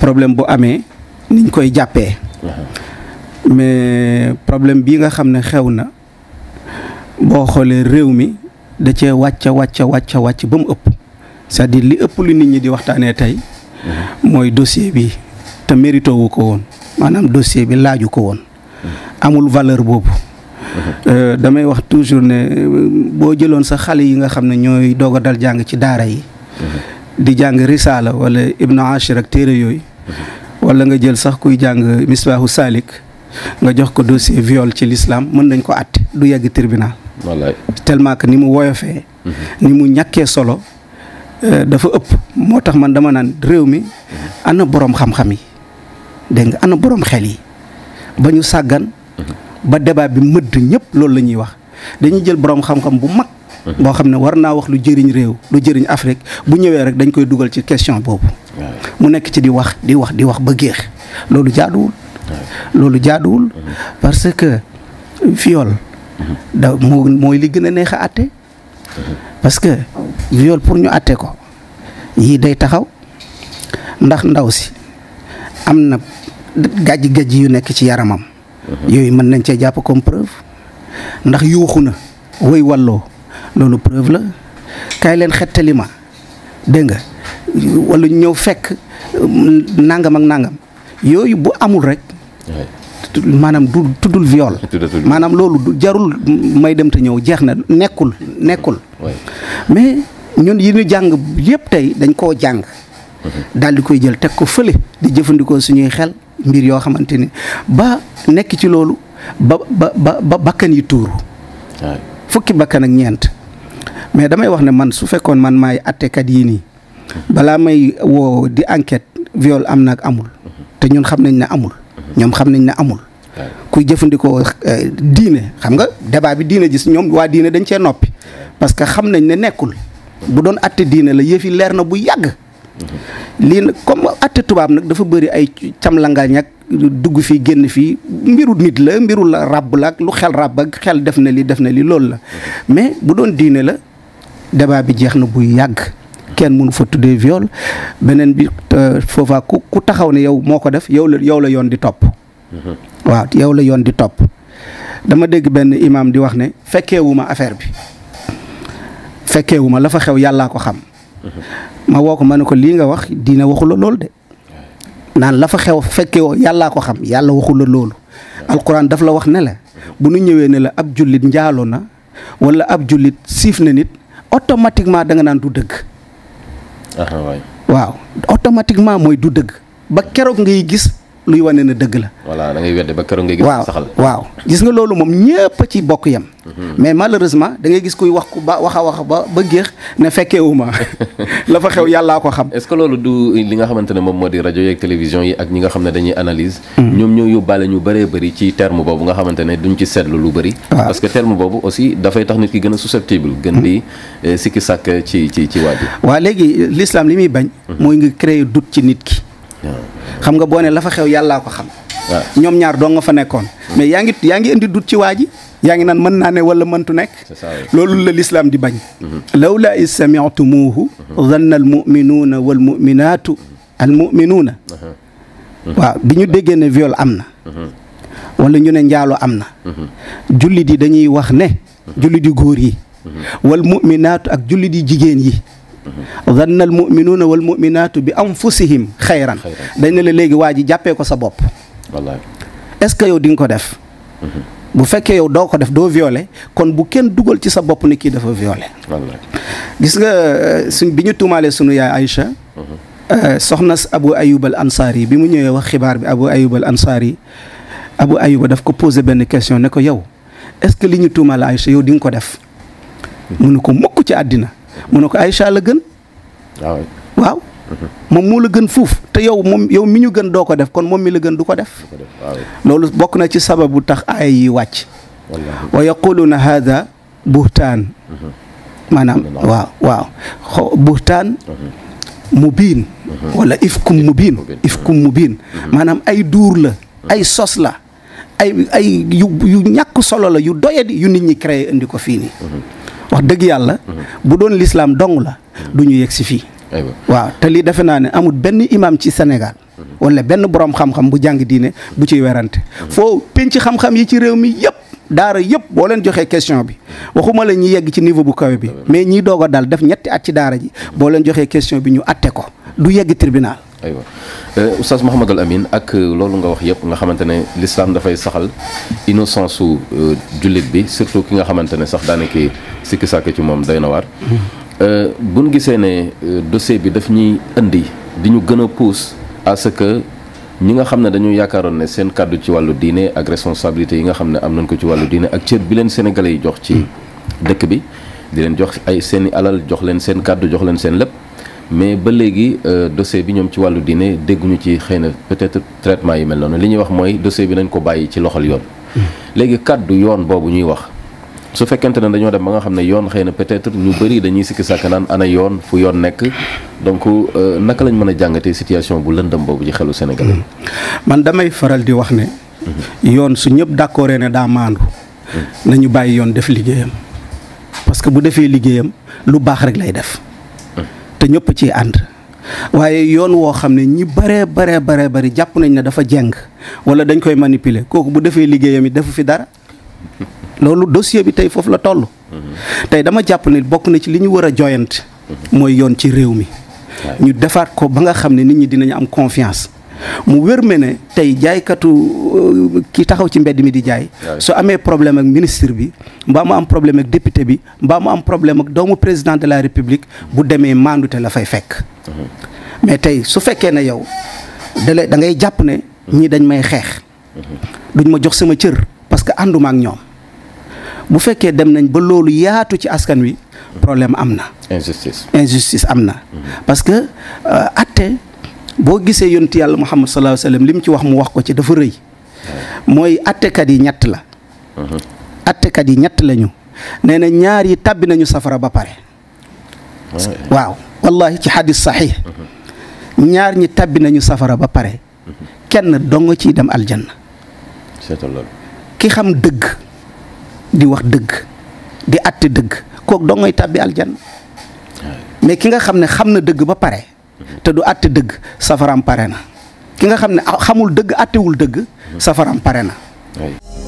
problème bu amee niñ koy jàppee uh-huh. mais problème bii nga xam ne xew na boo xoolee réew mi da cee wàcc wàcc wàcc wàcc ba mu ëpp sa à li ëpp lu nit ñi di waxtaanee tey uh-huh. mooy dossier bi te mérito wu ko woon maanaam dossier bi laaju ko woon uh-huh. amul valeur boobu euh, damay wax toujours ne euh, boo jëloon sa xale yi nga xam ne ñooy doog a dal jàng ci daara yi di jàng risaala wala ibnu ashir ak téere yooyu wala nga jël sax kuy jàng misbaahu saalik nga jox ko dossier viol ci lislaam mën nañ ko àtte du yàgg tribunal wallaay tellement que ni mu woyofee mhm. ni mu ñàkkee solo euh, dafa ëpp moo tax man dama naan réew mi ana borom xam-xam yi dégg nga ana borom xel yi ba ñu sàggan mhm. ba débat bi mëdd ñëpp loolu la ñuy wax dañuy jël borom xam-xam bu mag boo xam ne war naa wax lu jëriñ réew lu jëriñ Afrique bu ñëwee rek dañ koy dugal ci question boobu mu nekk ci di wax di wax di wax ba géex loolu jaaduwul loolu jaaduwul mm-hmm. parce que viol mm-hmm. da moo mooy li gën a neex a mm-hmm. parce que viol pour ñu àtte ko yii day taxaw ndax ndaw si am na gàjj-gàjj yu nekk ci yaramam yooyu mën nañ cee jàpp comme preuve ndax yuuxu na woy walloo loolu preuve la kaay leen xettali ma dégg nga wala ñëw fekk mm, nangam ak nangam yooyu bu amul rek. maanaam du tuddul viol maanaam loolu jarul may dem te ñëw jeex na nekkul nekkul mais ñun yi ñu jàng yëpp tey dañ koo jàng mm-hmm. daal di koy jël teg ko fële di jëfandikoo suñuy xel mbir yoo xamante ni ba nekk ci loolu ba ba ba bakkan yi tuuru fukki bakkan ak ñeent mais damay wax ne man su fekkoon man maay attekat yi nii balaa may woo di enquête viol am na ak amul te ñun xam nañ ne amul ñoom xam nañ ne amul kuy jëfandikoo euh, diine xam nga débat bi diine gis ñoom waa diine dañ cee noppi parce que xam nañ ne nekkul bu doon atte diine la yëf yi leer na bu yàgg lii nag comme atte tubaab nag dafa bëri ay camlangañ ak dugg fii génn fii mbiru nit la mbiru la ràbb la ak lu xel ràbb ak xel def na li def na li loolu la mais bu doon diine la débat bi jeex na buy yàgg kenn mënu fa tudde viol beneen bi foofa ku ku taxaw ne yow moo ko def yow la yow la yoon di topp. Mhm. waaw yow la yoon di topp dama dégg benn imaam di wax ne fekkeewuma affaire bi fekkeewuma la fa xew yàllaa ko xam. Mhm. ma ko ma ne ko lii nga wax diine waxula loolu de naan la fa xew fekkee woo yàllaa ko xam yàlla waxula loolu alquran daf la wax ne la mhm. bu nu ñëwee ne la ab jullit njaaloo na walla ab jullit siif na nit automatiquement da nga naan du dëgg. Ah, waaw automatiquement mooy du dëgg ba keroog ngay gis. luy wane ne dëgg la. voilà dangay ngay wedde ba keroog ngay gis. saxal waaw waaw nga loolu moom ñëpp ci bokk yem. Mm-hmm. mais malheureusement da ngay gis kuy wax ku ba wax a wax ba ba géex ne fekkeewu ma la fa xew yàllaa ko xam. est-ce que loolu du li nga xamante ne moom moo di rajo yeeg télévision yi ak ñi nga xam ne dañuy analyse. Mm. ñoom ñoo yóbbaale ñu bëree bëri ci terme boobu nga xamante ne duñ ci seetlu lu bëri. parce que terme boobu aussi dafay tax nit ki gën a susceptible. gën di mm. eh, sikki sàkk ci ci ci waa léegi l'islam li muy bañ. Mm-hmm. mooy nga créer doute ci nit ki. xam nga boo ne la fa xew yàllaa ko xam. ñoom ñaar doo nga fa nekkoon. Hmm. mais yaa ngi yaa ngi indi dut ci waa ji. yaa ngi naan mën naa ne wala mëntu nekk loolu la lislaam di bañ hmm. lawla is sami'tumuhu dhanna hmm. al muminuuna wal muminaatu al muminuuna waaw bi ñu déggee ne viol am na wala ñu ne njaalo am na jullit yi dañuy wax ne jullit yu góor yi wal muminaatu ak jullit yu jigéen yi zanna al muminuuna wal muminaatu bi anfusihim xayran dañ ne la léegi waa ji jàppee ko sa bopp wallaay est-ce que yow di nga ko def mhm. bu fekkee yow doo ko def doo viole kon bu kenn dugal ci sa bopp ni kii dafa viole gis nga euh, suñ bi ñu tuumaalee sunu yaay Aïcha mhm. euh, soxna si Abu Ayyub al Ansari bi mu ñëwee wax xibaar bi Abu Ayyub al Ansari Abu Ayyuba daf ko posé benn question ne ko yow est-ce que li ñu tuumaale Aïcha yow di nga ko def mhm. mu ko mukk ci àddina mu ne ko ay Aïcha la gën. Ah waaw. Mm-hmm. moom moo la gën fuuf te yow moom yow mi ñu gën doo ko def kon moom mi la gën du ko def. loolu bokk na ci sababu tax ay yi wàcc. wa yaquluna hada buhtaan. Mm-hmm. maanaam waaw waaw xo buhtaan. Mm-hmm. mubiin. wala ifkum mubiin. ifkum mubiin. maanaam ay duur la. ay sos la. ay ay yu yu ñàkk solo la yu doyadi yu nit ñi créé indi ko fii nii. wax dëgg yàlla bu doon lislaam dong la du ñu yegg si fii waaw te lii defe naa ne amut benn imam ci senegal wala benn borom xam-xam bu jàng diine bu ciy werante foo penc xam-xam yi ci réew mi yëpp daara yëpp boo leen joxee question bi waxuma la ñi yegg ci niveau bu kawe bi mais ñiy doog a dal def ñetti at ci daara ji boo leen joxee question bi ñu atte ko du yegg tribunal ay aywa euh, oustaz Mouhamadou Amine ak euh, loolu nga wax yëpp nga xamante ne l'islam dafay saxal innocence su euh, jullit bi surtout ki nga xamante ne sax daanaka sikki sàkk ci moom doy na waar. Mm-hmm. bu ñu gisee ne dossier bi daf ñuy indi di ñu gën a pousse à que ñi nga xam ne dañu yaakaaroon ne seen kàddu ci wàllu diine ak responsabilité yi nga xam ne am nañ ko ci wàllu diine ak cër bi leen sénégalais yi jox ci mm. dëkk bi di leen jox ay seeni alal jox leen seen kàddu jox leen seen lépp. mais ba léegi euh, dossier bi ñoom ci wàllu diine dégguñu ci xëy na peut-être traitement yi mel noonu li ñuy wax mooy dossier bi nañ ko bàyyi ci loxol yoon. Hmm. léegi kàddu yoon boobu ñuy wax su fekkente ne dañoo dem ba nga xam ne yoon xëy na peut-être ñu bëri dañuy sikki sàkk naan ana yoon fu yoon nekk donc euh, naka lañ mën a jàngatee situation bu lëndam boobu ci xelu Sénégalais hmm. man damay faral di wax ne. Hmm. yoon su ñëpp d'accord ne daa maandu. nañu bàyyi yoon def liggéeyam parce que bu defee liggéeyam lu baax rek lay def. te ñëpp ciy ànd waaye yoon woo xam ne ñi baree baree baree bari jàpp nañ ne dafa jeng wala dañ koy manipuler kooku bu defee liggéeyam it defu fi dara loolu dossier bi tey foofu la toll. tey dama jàpp ne bokk na ci li ñu war a joyant mooy yoon ci réew mi. ñu defaat ko ba nga xam ne nit ñi dinañ am confiance. mu wér me ne tey jaaykatu euh, ki taxaw ci mbedd mi di jaay su amee problème ak ministre bi mbaa mu am problème ak député bi mbaa mu am problème ak doomu président de la république bu demee maandute la fay fekk mhm. mais tey su fekkee ne yow dala da ngay jàpp ne ñii dañ may xeex mhm. duñ ma jox sama cër parce que ànduma ak ñoom bu fekkee dem nañ ba loolu yaatu ci askan wi mhm. problème am na injustice injustice am na parce que euh, atte boo gisee yontu yàlla Muhammad sallallahu alayhi wa sallam li mu ci wax mu wax ko ci dafa rëy mooy attekat yi ñett la attekat yi ñett lañu nee na ñaar yi tàbbi nañu safara ba pare waaw wallahi ci xadis saxiix ñaar ñi tàbbi nañu safara ba pare kenn dong ciy dem aljana ki xam dëgg di wax dëgg di àtte dëgg kook dongay tàbbi aljanna mais ki nga xam ne xam na dëgg ba pare te du àtte dëgg safaram pare na ki nga xam ne xamul dëgg àttewul dëgg safaram pare na